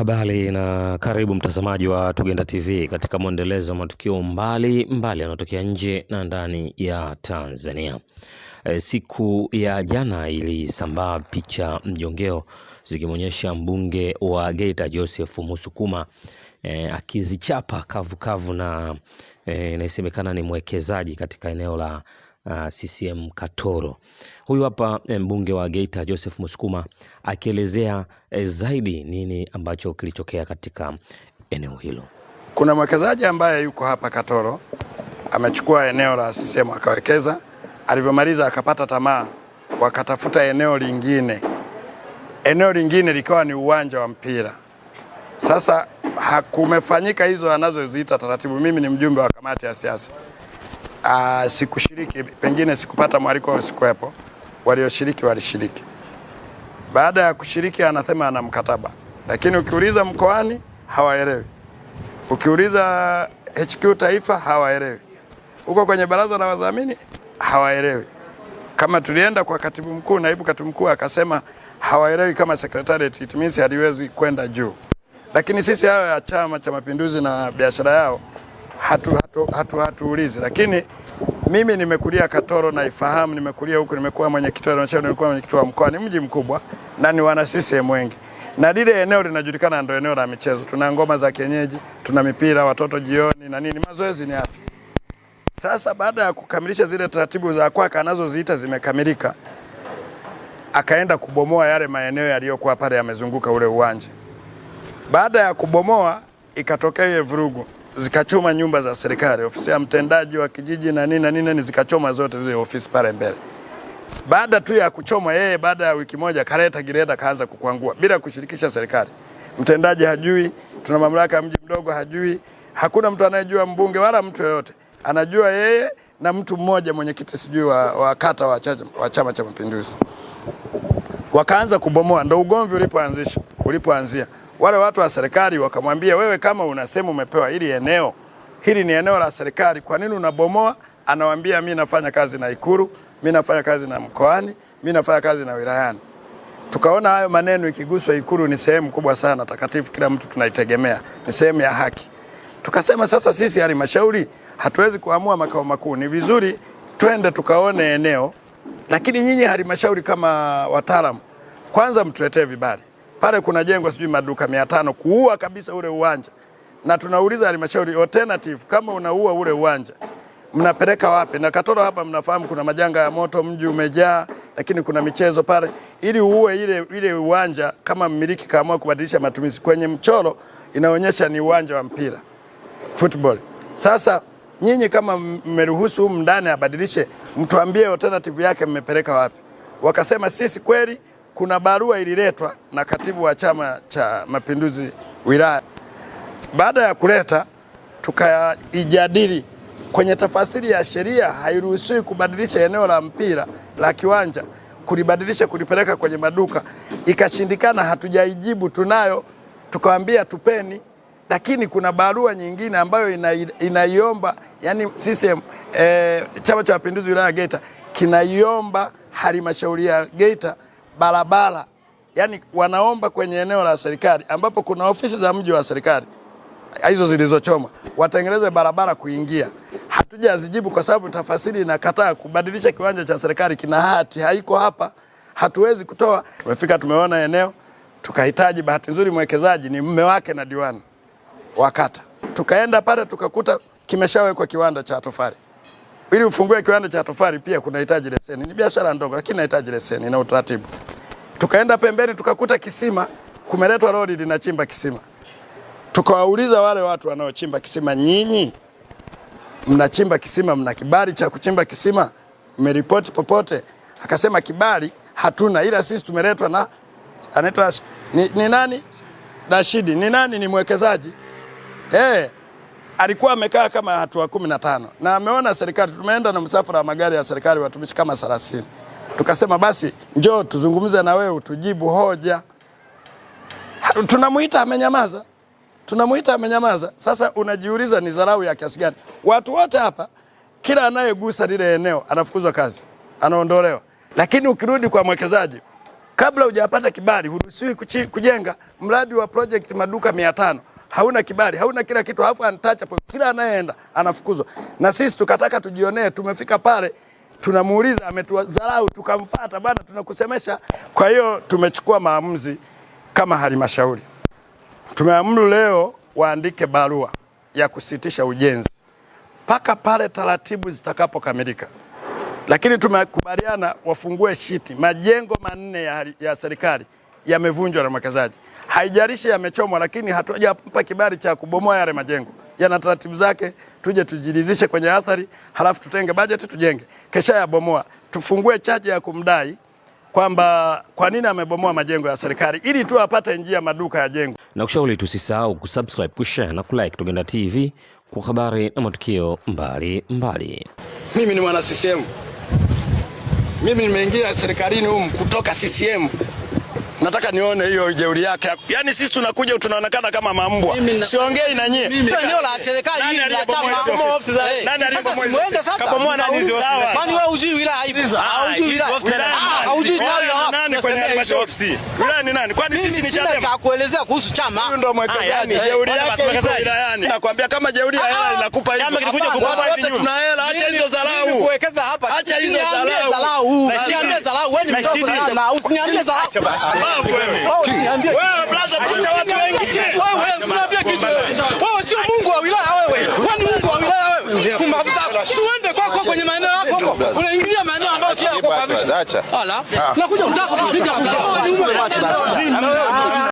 Habari na karibu mtazamaji wa Tugenda TV katika mwendelezo wa matukio mbali mbali yanayotokea nje na ndani ya Tanzania. E, siku ya jana ilisambaa picha mjongeo zikimwonyesha mbunge wa Geita Joseph Musukuma e, akizichapa kavukavu na e, inasemekana ni mwekezaji katika eneo la uh, CCM Katoro. Huyu hapa eh, mbunge wa Geita Joseph Musukuma akielezea eh, zaidi nini ambacho kilichokea katika eneo hilo. Kuna mwekezaji ambaye yuko hapa Katoro amechukua eneo la CCM akawekeza, alivyomaliza akapata tamaa, wakatafuta eneo lingine. Eneo lingine likawa ni uwanja wa mpira. Sasa hakumefanyika hizo anazoziita taratibu. Mimi ni mjumbe wa kamati ya siasa uh, sikushiriki, pengine sikupata mwaliko au sikuwepo. Walioshiriki walishiriki. Baada ya kushiriki, anasema ana mkataba, lakini ukiuliza mkoani hawaelewi, ukiuliza HQ taifa hawaelewi, huko kwenye baraza la wadhamini hawaelewi. Kama tulienda kwa katibu mkuu, naibu katibu mkuu akasema hawaelewi kama secretariat, it means haliwezi kwenda juu, lakini sisi hayo ya Chama cha Mapinduzi na biashara yao hatu, hatu, hatu, hatu, lakini mimi nimekulia Katoro naifahamu, nimekulia huku, nimekuwa mwenyekiti wa halmashauri, nimekuwa mwenyekiti wa mkoa. Ni mji mkubwa na ni wana CCM wengi, na lile eneo linajulikana, ndio eneo la michezo. Tuna ngoma za kienyeji, tuna mipira watoto jioni na nini, mazoezi ni afya. Sasa baada ya kukamilisha zile taratibu za kwaka anazoziita zimekamilika, akaenda kubomoa yale maeneo yaliyokuwa pale yamezunguka ule uwanja. Baada ya kubomoa, ikatokea ile vurugu zikachoma nyumba za serikali, ofisi ya mtendaji wa kijiji na nini na nini, zikachoma zote zile ofisi pale mbele. Baada tu ya kuchoma yeye, baada ya wiki moja kaleta gireda kaanza kukwangua bila kushirikisha serikali. Mtendaji hajui, tuna mamlaka ya mji mdogo hajui, hakuna mtu anayejua, mbunge wala mtu yoyote anajua yeye na mtu mmoja mwenyekiti sijui wa, wa kata wa, cha, wa Chama cha Mapinduzi. Wakaanza kubomoa, ndo ugomvi ulipoanzisha ulipoanzia wale watu wa serikali wakamwambia, wewe kama unasema umepewa hili eneo, hili ni eneo la serikali, kwa nini unabomoa? Anawambia, mi nafanya kazi na Ikuru, mi nafanya kazi na mkoani, mi nafanya kazi na wilayani. Tukaona hayo maneno, ikiguswa Ikuru ni sehemu kubwa sana takatifu, kila mtu tunaitegemea, ni sehemu ya haki. Tukasema sasa sisi halmashauri hatuwezi kuamua makao makuu, ni vizuri twende tukaone eneo, lakini nyinyi halmashauri kama wataalamu, kwanza mtuletee vibali pale kuna jengo sijui maduka mia tano kuua kabisa ule uwanja, na tunauliza halmashauri alternative, kama unaua ule uwanja mnapeleka wapi? Na Katoro hapa mnafahamu kuna majanga ya moto, mji umejaa, lakini kuna michezo pale. Ili uue ile ile uwanja, kama mmiliki kaamua kubadilisha matumizi, kwenye mchoro inaonyesha ni uwanja wa mpira football. Sasa nyinyi kama mmeruhusu humu ndani abadilishe, mtuambie alternative yake mmepeleka wapi? Wakasema sisi kweli kuna barua ililetwa na katibu wa Chama cha Mapinduzi wilaya. Baada ya kuleta, tukaijadili kwenye tafasiri ya sheria, hairuhusiwi kubadilisha eneo la mpira la kiwanja, kulibadilisha kulipeleka kwenye maduka, ikashindikana. Hatujaijibu, tunayo tukawaambia tupeni, lakini kuna barua nyingine ambayo inaiomba ina yani CCM eh, Chama cha Mapinduzi wilaya Geita kinaiomba halmashauri ya Geita barabara, yani wanaomba kwenye eneo la serikali ambapo kuna ofisi za mji wa serikali hizo zilizochoma, watengeneze barabara kuingia. Hatujazijibu kwa sababu tafasiri inakataa kubadilisha. Kiwanja cha serikali kina hati, haiko hapa, hatuwezi kutoa. Tumefika, tumeona eneo, tukahitaji. Bahati nzuri mwekezaji ni mme wake na diwani wakata tukaenda pale tukakuta kimeshawekwa kiwanda cha tofali. Ili ufungue kiwanda cha tofali pia kunahitaji leseni. Ni biashara ndogo lakini inahitaji leseni na utaratibu. Tukaenda pembeni tukakuta kisima, kumeletwa lori linachimba kisima. Tukawauliza wale watu wanaochimba kisima, nyinyi mnachimba kisima, mna kibali cha kuchimba kisima? Mmeripoti popote? Akasema kibali hatuna, ila sisi tumeletwa na anaitwa ni, ni nani Rashidi, ni nani? Ni mwekezaji eh alikuwa amekaa kama hatua kumi na tano na ameona serikali, tumeenda na msafara wa magari ya serikali watumishi kama 30. Tukasema basi njoo tuzungumze na wewe utujibu hoja. Tunamuita amenyamaza, tunamuita amenyamaza. Sasa unajiuliza ni dharau ya kiasi gani? Watu wote hapa, kila anayegusa lile eneo anafukuzwa kazi, anaondolewa. Lakini ukirudi kwa mwekezaji, kabla hujapata kibali, huruhusiwi kujenga mradi wa project maduka mia tano hauna kibali, hauna kila kitu, halafu untouchable. Kila anayeenda anafukuzwa, na sisi tukataka tujionee. Tumefika pale tunamuuliza ametudharau, tukamfuata bana, tunakusemesha. Kwa hiyo tumechukua maamuzi kama halmashauri, tumeamuru leo waandike barua ya kusitisha ujenzi mpaka pale taratibu zitakapokamilika, lakini tumekubaliana wafungue shiti majengo manne ya, ya serikali yamevunjwa na mwekezaji, Haijarishi yamechomwa, lakini hatujampa kibali cha kubomoa yale majengo. Yana taratibu zake, tuje tujiridhishe kwenye athari, halafu tutenge bajeti tujenge. Kesha yabomoa, tufungue chaji ya kumdai kwamba kwa nini amebomoa majengo ya serikali ili tu apate njia maduka ya jengo. Na kushauri tusisahau kusubscribe, kushare na kulike Tugenda TV kwa habari na matukio mbali mbali. Mimi ni mwana CCM, mimi nimeingia serikalini humu kutoka CCM nataka nione hiyo jeuri yake. Yaani sisi tunakuja tunaonekana kama mambwa. Siongei na nyie. Eneo la serikali hili la chama ofisi za nani alipomuende sasa? Kama mwana ni ofisi? Kwani wewe hujui wilaya hivi? Ah, ah, hujui wilaya. Ah, hujui tawi la wapi? Nani kwenye halmashauri ofisi? Wilaya ni nani? Kwani sisi ni chama? Cha kuelezea kuhusu chama. Huyu ndo mwekezaji. Yaani, jeuri yake ni iko yani. Nakwambia kama jeuri ya hela inakupa hivi. Chama kinakuja kukupa hivi. Wote tuna hela, acha hizo dharau. Kuwekeza hapa. Acha hizo dharau na usiniambie za hapo. wewe brother, picha watu wengi. Wewe usiniambie kitu wewe, sio Mungu wa wilaya wewe. Wewe ni Mungu wa wilaya wewe. Kumafisa usiende kwako kwenye maeneo yako huko. Unaingilia maeneo ambayo sio yako kabisa. Acha. Hala. Ah. Nakuja kutaka kupiga. kwa